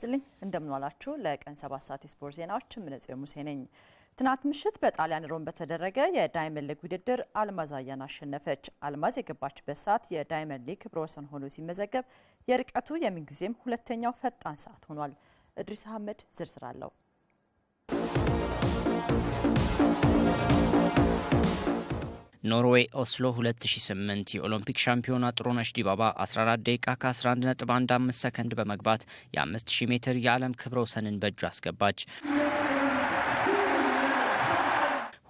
ይስጥልኝ እንደምንዋላችሁ ለቀን 7 ሰዓት የስፖርት ዜናዎች ምንጽዮ ሙሴ ነኝ። ትናንት ምሽት በጣሊያን ሮም በተደረገ የዳይመንድ ሊግ ውድድር አልማዝ አያን አሸነፈች። አልማዝ የገባችበት ሰዓት የዳይመንድ ሊግ ክብረ ወሰን ሆኖ ሲመዘገብ የርቀቱ የምንጊዜም ሁለተኛው ፈጣን ሰዓት ሆኗል። እድሪስ አህመድ ዝርዝር አለው። ኖርዌይ ኦስሎ 2008 የኦሎምፒክ ሻምፒዮና ጥሩነሽ ዲባባ 14 ደቂቃ ከ11.15 ሰከንድ በመግባት የ5000 ሜትር የዓለም ክብረ ወሰንን በእጁ አስገባች።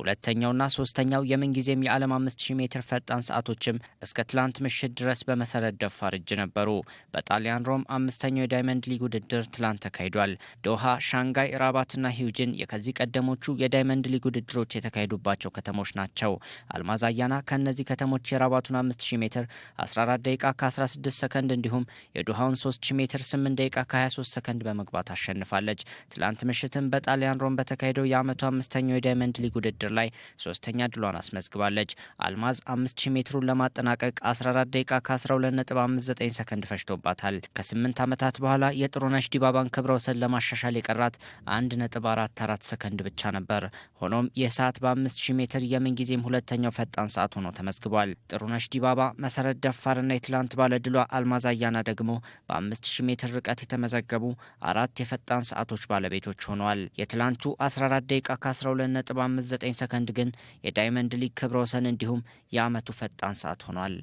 ሁለተኛውና ሶስተኛው የምንጊዜም የዓለም 5000 ሜትር ፈጣን ሰዓቶችም እስከ ትላንት ምሽት ድረስ በመሰረት ደፋር እጅ ነበሩ። በጣሊያን ሮም አምስተኛው የዳይመንድ ሊግ ውድድር ትላንት ተካሂዷል። ዶሃ፣ ሻንጋይ፣ ራባትና ሂውጅን የከዚህ ቀደሞቹ የዳይመንድ ሊግ ውድድሮች የተካሄዱባቸው ከተሞች ናቸው። አልማዝ አያና ከእነዚህ ከተሞች የራባቱን 5000 ሜትር 14 ደቂቃ ከ16 ሰከንድ እንዲሁም የዶሃውን 3000 ሜትር 8 ደቂቃ ከ23 ሰከንድ በመግባት አሸንፋለች። ትላንት ምሽትም በጣሊያን ሮም በተካሄደው የአመቱ አምስተኛው የዳይመንድ ሊግ ውድድር ውድድር ላይ ሶስተኛ ድሏን አስመዝግባለች። አልማዝ 5000 ሜትሩን ለማጠናቀቅ 14 ደቂቃ ከ12.59 ሰከንድ ፈጅቶባታል። ከ8 ዓመታት በኋላ የጥሩነሽ ዲባባን ክብረ ወሰን ለማሻሻል የቀራት 1.44 ሰከንድ ብቻ ነበር። ሆኖም የሰዓት በ5000 ሜትር የምን ጊዜም ሁለተኛው ፈጣን ሰዓት ሆኖ ተመዝግቧል። ጥሩነሽ ዲባባ፣ መሰረት ደፋርና የትላንት ባለ ድሏ አልማዝ አያና ደግሞ በ5000 ሜትር ርቀት የተመዘገቡ አራት የፈጣን ሰዓቶች ባለቤቶች ሆነዋል። የትላንቱ 14 ደቂቃ ከ12.59 ሰከንድ ግን የዳይመንድ ሊግ ክብረ ወሰን እንዲሁም የዓመቱ ፈጣን ሰዓት ሆኗል።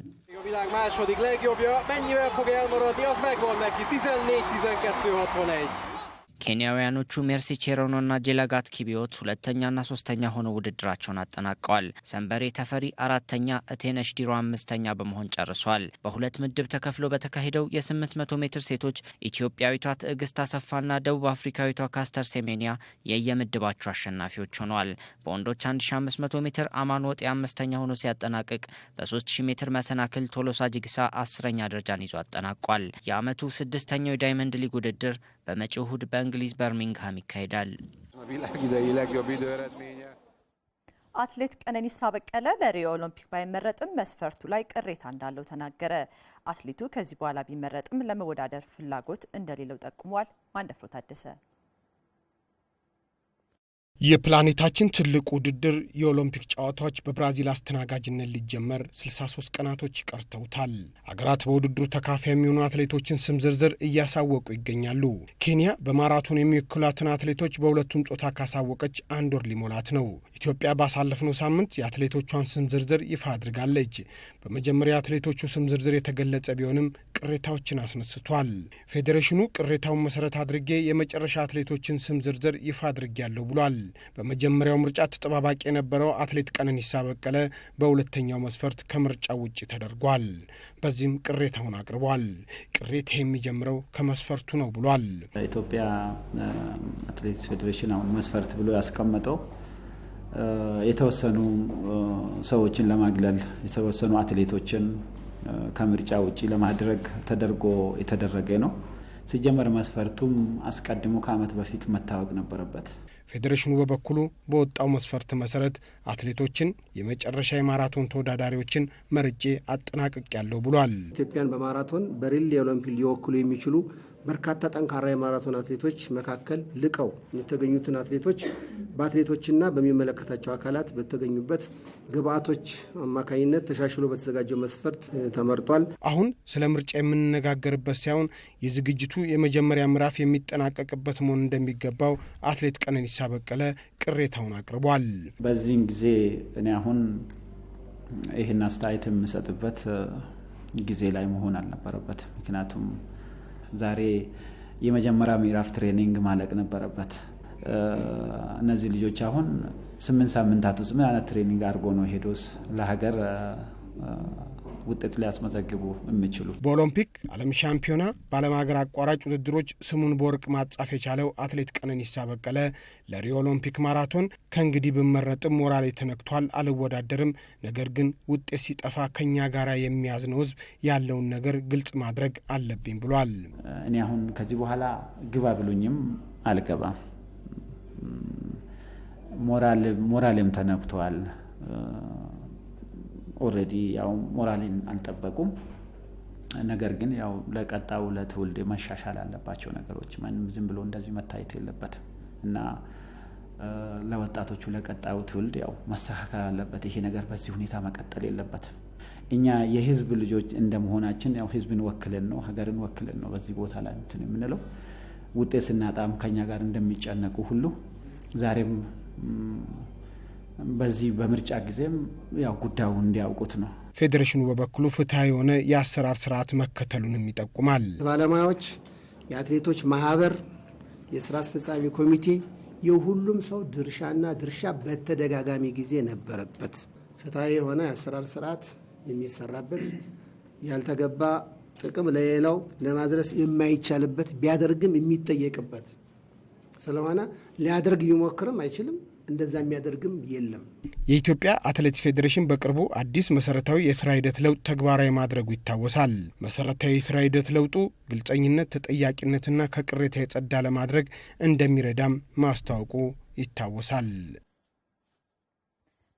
ኬንያውያኖቹ ሜርሲ ቼሮኖ ና ጄላጋት ኪቢዮት ሁለተኛና ሶስተኛ ሆነው ውድድራቸውን አጠናቀዋል። ሰንበሬ ተፈሪ አራተኛ፣ እቴነሽ ዲሮ አምስተኛ በመሆን ጨርሷል። በሁለት ምድብ ተከፍሎ በተካሄደው የ800 ሜትር ሴቶች ኢትዮጵያዊቷ ትዕግስት አሰፋና ደቡብ አፍሪካዊቷ ካስተር ሴሜኒያ የየምድባቸው አሸናፊዎች ሆነዋል። በወንዶች 1500 ሜትር አማን ወጤ አምስተኛ ሆኖ ሲያጠናቅቅ በ3000 ሜትር መሰናክል ቶሎሳ ጅግሳ አስረኛ ደረጃን ይዞ አጠናቋል። የአመቱ ስድስተኛው የዳይመንድ ሊግ ውድድር በመጪው እሁድ በ በእንግሊዝ በርሚንግሃም ይካሄዳል። አትሌት ቀነኒሳ በቀለ ለሪዮ ኦሎምፒክ ባይመረጥም መስፈርቱ ላይ ቅሬታ እንዳለው ተናገረ። አትሌቱ ከዚህ በኋላ ቢመረጥም ለመወዳደር ፍላጎት እንደሌለው ጠቁሟል። ማንደፍሮ ታደሰ የፕላኔታችን ትልቁ ውድድር የኦሎምፒክ ጨዋታዎች በብራዚል አስተናጋጅነት ሊጀመር 63 ቀናቶች ቀርተውታል። አገራት በውድድሩ ተካፋይ የሚሆኑ አትሌቶችን ስም ዝርዝር እያሳወቁ ይገኛሉ። ኬንያ በማራቶን የሚወክሏትን አትሌቶች በሁለቱም ጾታ ካሳወቀች አንድ ወር ሊሞላት ነው። ኢትዮጵያ ባሳለፍነው ሳምንት የአትሌቶቿን ስም ዝርዝር ይፋ አድርጋለች። በመጀመሪያ አትሌቶቹ ስም ዝርዝር የተገለጸ ቢሆንም ቅሬታዎችን አስነስቷል። ፌዴሬሽኑ ቅሬታውን መሰረት አድርጌ የመጨረሻ አትሌቶችን ስም ዝርዝር ይፋ አድርጌያለሁ ብሏል። በመጀመሪያው ምርጫ ተጠባባቂ የነበረው አትሌት ቀነኒሳ በቀለ በሁለተኛው መስፈርት ከምርጫው ውጭ ተደርጓል። በዚህም ቅሬታውን አቅርቧል። ቅሬታ የሚጀምረው ከመስፈርቱ ነው ብሏል። ኢትዮጵያ አትሌቲክስ ፌዴሬሽን አሁን መስፈርት ብሎ ያስቀመጠው የተወሰኑ ሰዎችን ለማግለል የተወሰኑ አትሌቶችን ከምርጫ ውጭ ለማድረግ ተደርጎ የተደረገ ነው። ሲጀመር መስፈርቱም አስቀድሞ ከዓመት በፊት መታወቅ ነበረበት። ፌዴሬሽኑ በበኩሉ በወጣው መስፈርት መሰረት አትሌቶችን የመጨረሻ የማራቶን ተወዳዳሪዎችን መርጬ አጠናቅቅ ያለው ብሏል። ኢትዮጵያን በማራቶን በሪል የኦሎምፒክ ሊወክሉ የሚችሉ በርካታ ጠንካራ የማራቶን አትሌቶች መካከል ልቀው የተገኙትን አትሌቶች በአትሌቶችና በሚመለከታቸው አካላት በተገኙበት ግብአቶች አማካኝነት ተሻሽሎ በተዘጋጀው መስፈርት ተመርጧል። አሁን ስለ ምርጫ የምንነጋገርበት ሳይሆን የዝግጅቱ የመጀመሪያ ምዕራፍ የሚጠናቀቅበት መሆን እንደሚገባው አትሌት ቀነኒሳ በቀለ ቅሬታውን አቅርቧል። በዚህን ጊዜ እኔ አሁን ይህን አስተያየት የምሰጥበት ጊዜ ላይ መሆን አልነበረበት። ምክንያቱም ዛሬ የመጀመሪያ ምዕራፍ ትሬኒንግ ማለቅ ነበረበት። እነዚህ ልጆች አሁን ስምንት ሳምንታት ውስጥ ምን አይነት ትሬኒንግ አድርጎ ነው ሄዶስ ለሀገር ውጤት ሊያስመዘግቡ የሚችሉ። በኦሎምፒክ ዓለም ሻምፒዮና በዓለም ሀገር አቋራጭ ውድድሮች ስሙን በወርቅ ማጻፍ የቻለው አትሌት ቀነኒሳ በቀለ ለሪዮ ኦሎምፒክ ማራቶን ከእንግዲህ ብመረጥም ሞራሌ ተነክቷል፣ አልወዳደርም። ነገር ግን ውጤት ሲጠፋ ከኛ ጋር የሚያዝነው ህዝብ ያለውን ነገር ግልጽ ማድረግ አለብኝ ብሏል። እኔ አሁን ከዚህ በኋላ ግባ ብሉኝም አልገባም ሞራልም ተነክቷል። ኦረዲ ያው ሞራልን አልጠበቁም። ነገር ግን ያው ለቀጣዩ ለትውልድ መሻሻል አለባቸው ነገሮች። ማንም ዝም ብሎ እንደዚህ መታየት የለበትም እና ለወጣቶቹ ለቀጣዩ ትውልድ ያው መስተካከል አለበት። ይሄ ነገር በዚህ ሁኔታ መቀጠል የለበትም። እኛ የህዝብ ልጆች እንደመሆናችን ያው ህዝብን ወክልን ነው ሀገርን ወክልን ነው በዚህ ቦታ ላይ እንትን የምንለው ውጤት ስናጣም ከኛ ጋር እንደሚጨነቁ ሁሉ ዛሬም በዚህ በምርጫ ጊዜም ያው ጉዳዩ እንዲያውቁት ነው። ፌዴሬሽኑ በበኩሉ ፍትሐ የሆነ የአሰራር ስርዓት መከተሉንም ይጠቁማል። ባለሙያዎች፣ የአትሌቶች ማህበር፣ የስራ አስፈጻሚ ኮሚቴ የሁሉም ሰው ድርሻና ድርሻ በተደጋጋሚ ጊዜ ነበረበት። ፍትሐ የሆነ የአሰራር ስርዓት የሚሰራበት ያልተገባ ጥቅም ለሌላው ለማድረስ የማይቻልበት ቢያደርግም የሚጠየቅበት ስለሆነ ሊያደርግ ቢሞክርም አይችልም። እንደዛ የሚያደርግም የለም። የኢትዮጵያ አትሌቲክስ ፌዴሬሽን በቅርቡ አዲስ መሰረታዊ የስራ ሂደት ለውጥ ተግባራዊ ማድረጉ ይታወሳል። መሰረታዊ የስራ ሂደት ለውጡ ግልጸኝነት፣ ተጠያቂነትና ከቅሬታ የጸዳ ለማድረግ እንደሚረዳም ማስታወቁ ይታወሳል።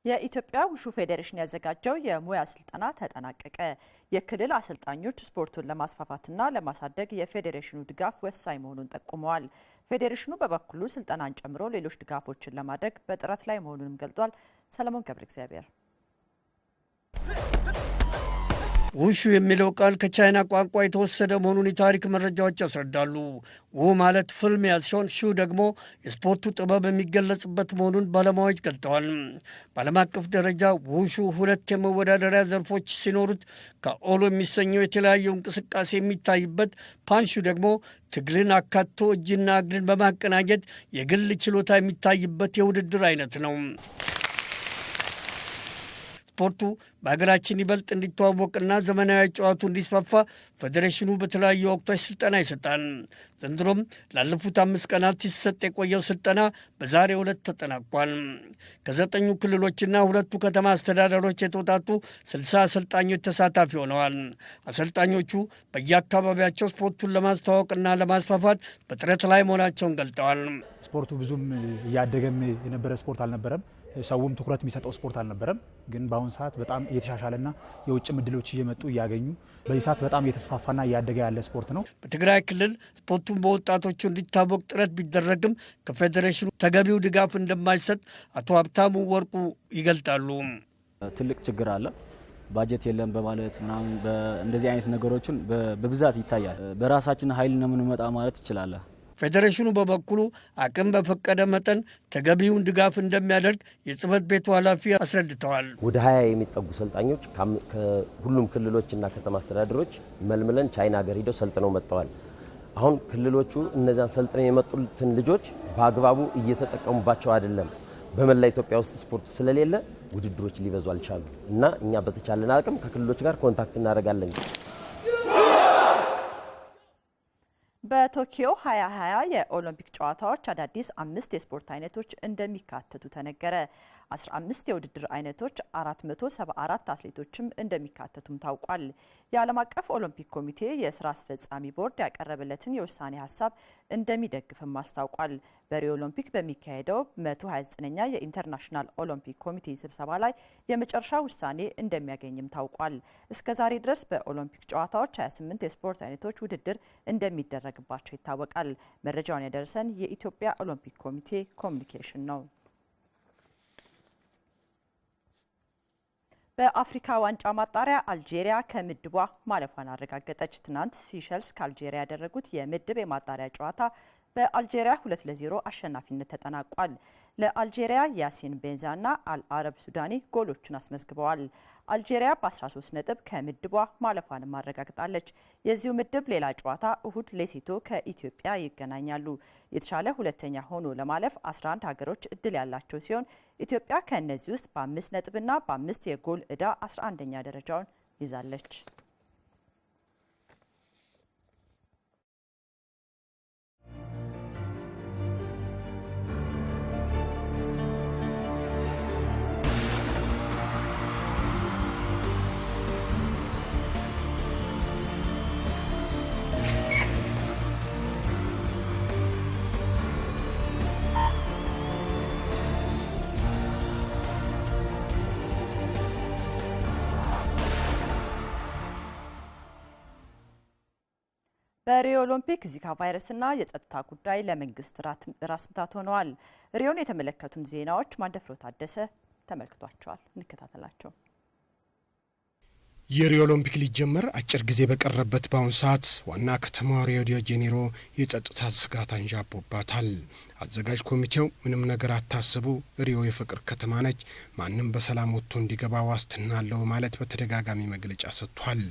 የኢትዮጵያ ውሹ ፌዴሬሽን ያዘጋጀው የሙያ ስልጠና ተጠናቀቀ። የክልል አሰልጣኞች ስፖርቱን ለማስፋፋትና ለማሳደግ የፌዴሬሽኑ ድጋፍ ወሳኝ መሆኑን ጠቁመዋል። ፌዴሬሽኑ በበኩሉ ስልጠናን ጨምሮ ሌሎች ድጋፎችን ለማድረግ በጥረት ላይ መሆኑንም ገልጿል። ሰለሞን ገብረ እግዚአብሔር ውሹ የሚለው ቃል ከቻይና ቋንቋ የተወሰደ መሆኑን የታሪክ መረጃዎች ያስረዳሉ። ው ማለት ፍልሚያ ሲሆን ሹ ደግሞ የስፖርቱ ጥበብ የሚገለጽበት መሆኑን ባለሙያዎች ገልጠዋል። በዓለም አቀፍ ደረጃ ውሹ ሁለት የመወዳደሪያ ዘርፎች ሲኖሩት ከኦሎ የሚሰኘው የተለያየው እንቅስቃሴ የሚታይበት፣ ፓንሹ ደግሞ ትግልን አካቶ እጅና እግርን በማቀናጀት የግል ችሎታ የሚታይበት የውድድር አይነት ነው። ስፖርቱ በሀገራችን ይበልጥ እንዲተዋወቅና ዘመናዊ ጨዋቱ እንዲስፋፋ ፌዴሬሽኑ በተለያዩ ወቅቶች ስልጠና ይሰጣል። ዘንድሮም ላለፉት አምስት ቀናት ሲሰጥ የቆየው ስልጠና በዛሬው ዕለት ተጠናቋል። ከዘጠኙ ክልሎችና ሁለቱ ከተማ አስተዳደሮች የተውጣጡ ስልሳ አሰልጣኞች ተሳታፊ ሆነዋል። አሰልጣኞቹ በየአካባቢያቸው ስፖርቱን ለማስተዋወቅና ለማስፋፋት በጥረት ላይ መሆናቸውን ገልጠዋል። ስፖርቱ ብዙም እያደገም የነበረ ስፖርት አልነበረም። ሰውም ትኩረት የሚሰጠው ስፖርት አልነበረም። ግን በአሁኑ ሰዓት በጣም እየተሻሻለና የውጭ ምድሎች እየመጡ እያገኙ በዚህ ሰዓት በጣም እየተስፋፋና እያደገ ያለ ስፖርት ነው። በትግራይ ክልል ስፖርቱን በወጣቶቹ እንዲታወቅ ጥረት ቢደረግም ከፌዴሬሽኑ ተገቢው ድጋፍ እንደማይሰጥ አቶ ሀብታሙ ወርቁ ይገልጣሉ። ትልቅ ችግር አለ። ባጀት የለም በማለት ምናምን እንደዚህ አይነት ነገሮችን በብዛት ይታያል። በራሳችን ኃይል ነው የምንመጣ ማለት ይችላለ ፌዴሬሽኑ በበኩሉ አቅም በፈቀደ መጠን ተገቢውን ድጋፍ እንደሚያደርግ የጽህፈት ቤቱ ኃላፊ አስረድተዋል። ወደ ሀያ የሚጠጉ ሰልጣኞች ከሁሉም ክልሎችና ከተማ አስተዳደሮች መልምለን ቻይና ሀገር ሂደው ሰልጥነው መጥተዋል። አሁን ክልሎቹ እነዚያን ሰልጥነው የመጡትን ልጆች በአግባቡ እየተጠቀሙባቸው አይደለም። በመላ ኢትዮጵያ ውስጥ ስፖርቱ ስለሌለ ውድድሮች ሊበዙ አልቻሉ እና እኛ በተቻለን አቅም ከክልሎች ጋር ኮንታክት እናደርጋለን። በቶኪዮ 2020 የኦሎምፒክ ጨዋታዎች አዳዲስ አምስት የስፖርት አይነቶች እንደሚካተቱ ተነገረ። 15 የውድድር አይነቶች 474 አትሌቶችም እንደሚካተቱም ታውቋል። የዓለም አቀፍ ኦሎምፒክ ኮሚቴ የስራ አስፈጻሚ ቦርድ ያቀረበለትን የውሳኔ ሀሳብ እንደሚደግፍም አስታውቋል። በሪዮ ኦሎምፒክ በሚካሄደው 129ኛ የኢንተርናሽናል ኦሎምፒክ ኮሚቴ ስብሰባ ላይ የመጨረሻ ውሳኔ እንደሚያገኝም ታውቋል። እስከ ዛሬ ድረስ በኦሎምፒክ ጨዋታዎች 28 የስፖርት አይነቶች ውድድር እንደሚደረግባቸው ይታወቃል። መረጃውን ያደረሰን የኢትዮጵያ ኦሎምፒክ ኮሚቴ ኮሚኒኬሽን ነው። በአፍሪካ ዋንጫ ማጣሪያ አልጄሪያ ከምድቧ ማለፏን አረጋገጠች። ትናንት ሲሸልስ ከአልጄሪያ ያደረጉት የምድብ የማጣሪያ ጨዋታ በአልጄሪያ ሁለት ለዜሮ አሸናፊነት ተጠናቋል። ለአልጄሪያ ያሲን ቤንዛና አልአረብ ሱዳኒ ጎሎቹን አስመዝግበዋል። አልጄሪያ በ13 ነጥብ ከምድቧ ማለፏንም አረጋግጣለች። የዚሁ ምድብ ሌላ ጨዋታ እሁድ ሌሴቶ ከኢትዮጵያ ይገናኛሉ። የተሻለ ሁለተኛ ሆኖ ለማለፍ 11 ሀገሮች እድል ያላቸው ሲሆን ኢትዮጵያ ከእነዚህ ውስጥ በአምስት ነጥብና በአምስት የጎል ዕዳ 11ኛ ደረጃውን ይዛለች። በሪዮ ኦሎምፒክ ዚካ ቫይረስና የጸጥታ ጉዳይ ለመንግስት ራስ ምታት ሆነዋል። ሪዮን የተመለከቱን ዜናዎች ማንደፍሮ ታደሰ ተመልክቷቸዋል። እንከታተላቸው። የሪዮ ኦሎምፒክ ሊጀመር አጭር ጊዜ በቀረበት በአሁኑ ሰዓት ዋና ከተማዋ ሪዮ ዲ ጄኔሮ የጸጥታ ስጋት አንዣቦባታል። አዘጋጅ ኮሚቴው ምንም ነገር አታስቡ፣ ሪዮ የፍቅር ከተማ ነች፣ ማንም በሰላም ወጥቶ እንዲገባ ዋስትና አለው ማለት በተደጋጋሚ መግለጫ ሰጥቷል።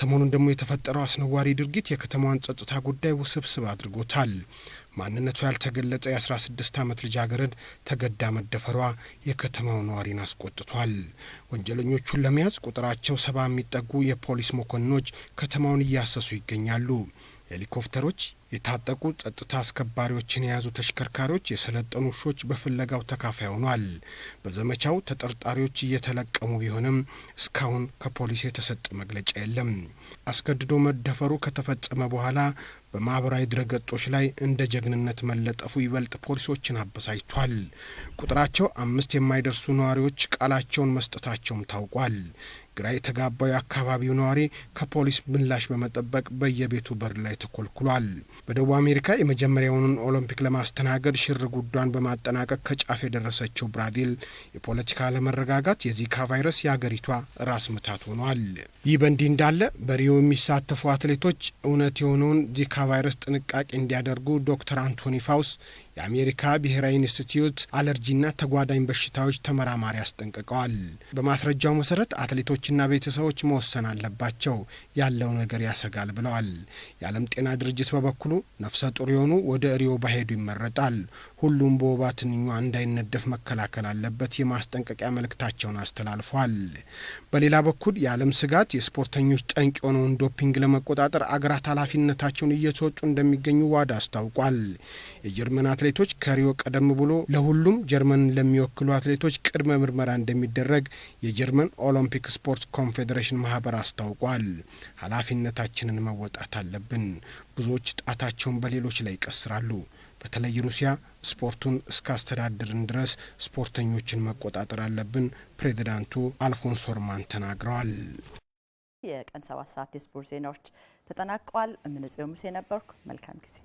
ሰሞኑን ደግሞ የተፈጠረው አስነዋሪ ድርጊት የከተማዋን ጸጥታ ጉዳይ ውስብስብ አድርጎታል። ማንነቱ ያልተገለጸ የ16 ዓመት ልጃገረድ ተገዳ መደፈሯ የከተማው ነዋሪን አስቆጥቷል። ወንጀለኞቹን ለመያዝ ቁጥራቸው ሰባ የሚጠጉ የፖሊስ መኮንኖች ከተማውን እያሰሱ ይገኛሉ። ሄሊኮፕተሮች፣ የታጠቁ ጸጥታ አስከባሪዎችን የያዙ ተሽከርካሪዎች የሰለጠኑ ውሾች በፍለጋው ተካፋይ ሆኗል። በዘመቻው ተጠርጣሪዎች እየተለቀሙ ቢሆንም እስካሁን ከፖሊስ የተሰጠ መግለጫ የለም። አስገድዶ መደፈሩ ከተፈጸመ በኋላ በማኅበራዊ ድረገጾች ላይ እንደ ጀግንነት መለጠፉ ይበልጥ ፖሊሶችን አበሳጭቷል። ቁጥራቸው አምስት የማይደርሱ ነዋሪዎች ቃላቸውን መስጠታቸውም ታውቋል። ግራ የተጋባው የአካባቢው ነዋሪ ከፖሊስ ምላሽ በመጠበቅ በየቤቱ በር ላይ ተኮልኩሏል። በደቡብ አሜሪካ የመጀመሪያውን ኦሎምፒክ ለማስተናገድ ሽር ጉዷን በማጠናቀቅ ከጫፍ የደረሰችው ብራዚል የፖለቲካ አለመረጋጋት የዚካ ቫይረስ የአገሪቷ ራስ ምታት ሆኗል። ይህ በእንዲህ እንዳለ በሪዮ የሚሳተፉ አትሌቶች እውነት የሆነውን ዚካ ቫይረስ ጥንቃቄ እንዲያደርጉ ዶክተር አንቶኒ ፋውስ የአሜሪካ ብሔራዊ ኢንስቲትዩት አለርጂና ተጓዳኝ በሽታዎች ተመራማሪ አስጠንቅቀዋል። በማስረጃው መሰረት አትሌቶችና ቤተሰቦች መወሰን አለባቸው፣ ያለው ነገር ያሰጋል ብለዋል። የዓለም ጤና ድርጅት በበኩሉ ነፍሰ ጡር የሆኑ ወደ ሪዮ ባሄዱ ይመረጣል፣ ሁሉም በወባ ትንኛ እንዳይነደፍ መከላከል አለበት የማስጠንቀቂያ መልእክታቸውን አስተላልፏል። በሌላ በኩል የዓለም ስጋት የስፖርተኞች ጠንቅ የሆነውን ዶፒንግ ለመቆጣጠር አገራት ኃላፊነታቸውን እየተወጡ እንደሚገኙ ዋዳ አስታውቋል። የጀርመን አትሌ አትሌቶች ከሪዮ ቀደም ብሎ ለሁሉም ጀርመንን ለሚወክሉ አትሌቶች ቅድመ ምርመራ እንደሚደረግ የጀርመን ኦሎምፒክ ስፖርት ኮንፌዴሬሽን ማህበር አስታውቋል። ኃላፊነታችንን መወጣት አለብን። ብዙዎች ጣታቸውን በሌሎች ላይ ይቀስራሉ። በተለይ ሩሲያ ስፖርቱን እስካስተዳድርን ድረስ ስፖርተኞችን መቆጣጠር አለብን፣ ፕሬዚዳንቱ አልፎንሶ ርማን ተናግረዋል። የቀን ሰባት ሰዓት የስፖርት ዜናዎች ተጠናቀዋል። እምነጽዮን ሙሴ ነበርኩ። መልካም ጊዜ